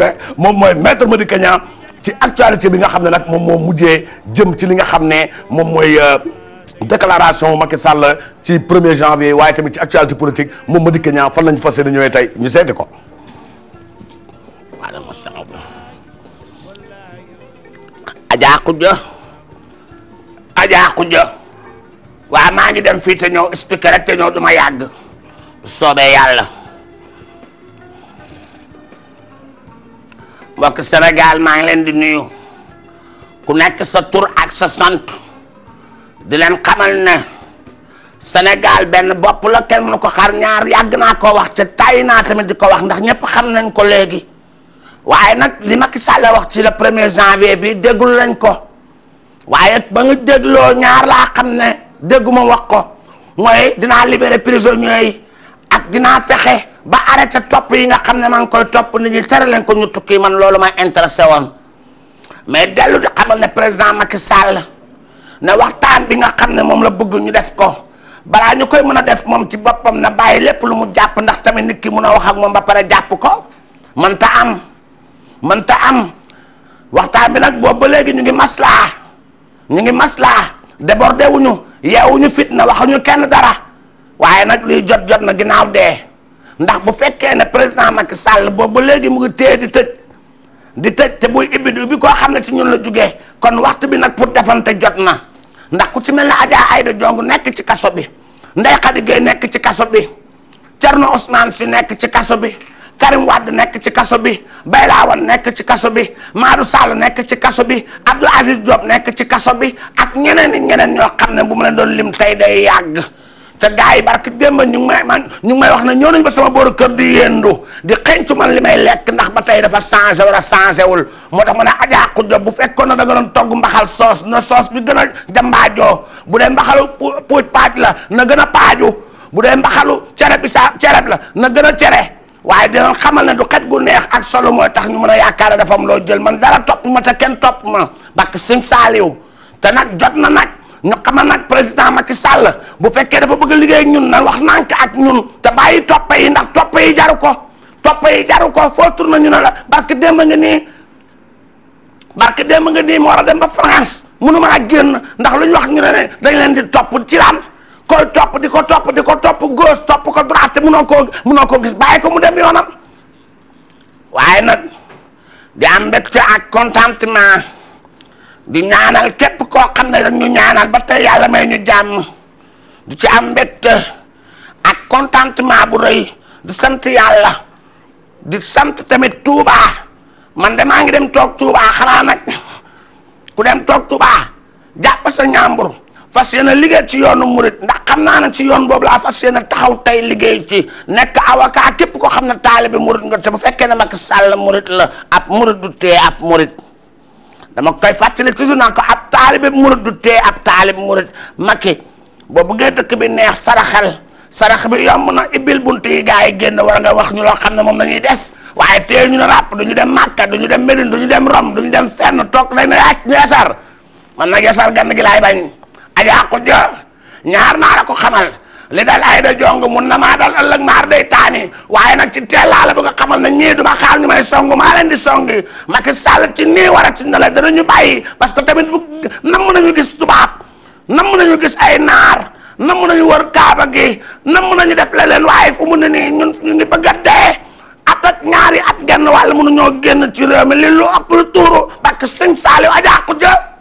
xam moom mooy maître Madické Niang ci actualité bi nga xam ne nag moom moom mujjee jëm ci li nga xam ne moom mooy euh, déclaration Macky Sall ci 1er janvier waaye tamit ci actualité politique moom Madické Niang fan lañ fas yéene ñëwee tey ñu seeti ko. Adja Khoudia Adja Khoudia waaw maa ngi dem fii te ñëw expliqué rek te ñëw du ma yàgg soobee yàlla. mbokk Sénégal maa ngi leen di nuyu ku nekk sa tur ak sa sant di leen xamal ne Sénégal benn bopp la kenn mënu ko xar ñaar yàgg naa ko wax te tay naa tamit di ko wax ndax ñëpp xam nañ ko léegi waaye nag li Macky Sall wax ci la premier janvier bi déggul lañ ko waaye ba nga dégloo ñaar laa xam ne dégguma wax ko mooy dinaa libérer prisonniers yi ak dinaa fexe. ba arrêté topp yi nga xam ne maa ngi koy topp nit ñi tere leen ko ñu tukki man loolu ma intéressé woon mais dellu di xamal ne président Macky Sall ne waxtaan bi nga xam ne moom la bëgg ñu def ko balaa ñu koy mën a def moom ci boppam na bàyyi lépp lu mu jàpp ndax tamit nit ki mun a wax ak moom ba pare jàpp ko man ta am mën ta am waxtaan bi nag boobu ba léegi ñu ngi maslaa ñu ngi maslaa débordé fit na fitna waxuñu kenn dara waaye nag liy jot jot na ginnaaw dee. ndax bu fekkee ne président Macky Sall boobu ba léegi mu ngi di tëj di tëj te buy ibbi di ubbi koo xam ne ci ñun la jugee kon waxtu bi nag pour defante jot na ndax ku ci mel ne Adja Aïda Diong nekk ci kaso bi Ndeye Khady nekk ci kaso bi Thierno Ousmane Sy nekk ci kaso bi Karim Wade nekk ci kaso bi Bayla Wane nekk ci kaso bi Maadou Sall nekk ci kaso bi Abdou Aziz Diop nekk ci kaso bi ak ñeneen ñeneen ñoo xam ne bu mu leen doon lim tey day yàgg. te gars yi barke démb ñu ngi may man ñu ngi may wax ne ñëw nañu ba sama booru kër di yendu di xencu man li may lekk ndax ba tey dafa changé wala changé wul moo tax ma ne Adja Khoudia bu fekkoon na da nga doon togg mbaxal soos na soos bi gën a jambaajoo bu dee mbaxalu puuj paaj la na gën a paaju bu dee mbaxalu cere bi sa cereb la na gën a cere waaye dinañ xamal na du xet gu neex ak solo mooy tax ñu mën a yaakaar dafa am loo jël man dara topp ma te kenn topp ma bakk sim saaliw te nag jot na nag ñu xamal nag président Macky Sall bu fekkee dafa bëgg liggéey ak ñun nan wax nànk ak ñun te bàyyi topp yi ndax topp yi jaru ko topp yi jaru ko foo tourné ñu ne la barke démb nga nii barke démb nga nii mu war a dem ba France mënumaa ndax lu ñu wax ñu ne ne dañ leen di topp ci laan koy topp di ko topp di ko topp gauche topp ko droite mënoo koo mënoo koo gis bàyyi ko mu dem yoonam waaye nag di am mbégte ak contentement di ñaanal képp koo xam ne dañu ñaanal ba tey yàlla may ñu jàmm di ci am mbégte ak contentement bu rëy di sant yàlla di sant tamit Touba man de maa ngi dem toog Touba xanaa nag ku dem toog Touba jàpp sa ñaambur fas yéene liggéey ci yoonu murit ndax xam naa ne ci yoon boob laa fas yéene taxaw tey liggéey ci nekk avocat képp koo xam ne taalibe murit nga te bu fekkee ne Macky Sall murit la ab murit du tee ab murit dama koy fàttali toujours naan ko ab taalibe murit du tee ab taalibe murit makki boo buggee dëkk bi neex saraxal sarax bi yomb na ibbil bunt yi gars yi génn war nga wax ñu loo xam ne moom na ñuy def waaye tee ñu ne ràpp ñu dem Màkka ñu dem Médine duñu dem Rome duñu dem na toog dañ ne yaaj ñu yasar man nag yasar gann gi laay bañ ajaa ko jo ñaar naa la ko xamal li dal ay da jong mun na maa dal ëllëg maar day taani waaye nag ci teelaa la bu nga xamal na ñii duma xaar ñu may song maa leen di songi Macky Sall ci nii war a ci ne la danañu bàyyi parce que na mu nam nañu gis tubaab na nañu gis ay naar nam nañu wër kaaba gi na ñu def la leen waaye fu mu ne nii ñun ñu ngi bëgg a dee at ak ñaari at genn wàll mënu ñoo génn ci réew mi li lu ëpp lu tuuru parce que sëñ Saliou ajaaku ja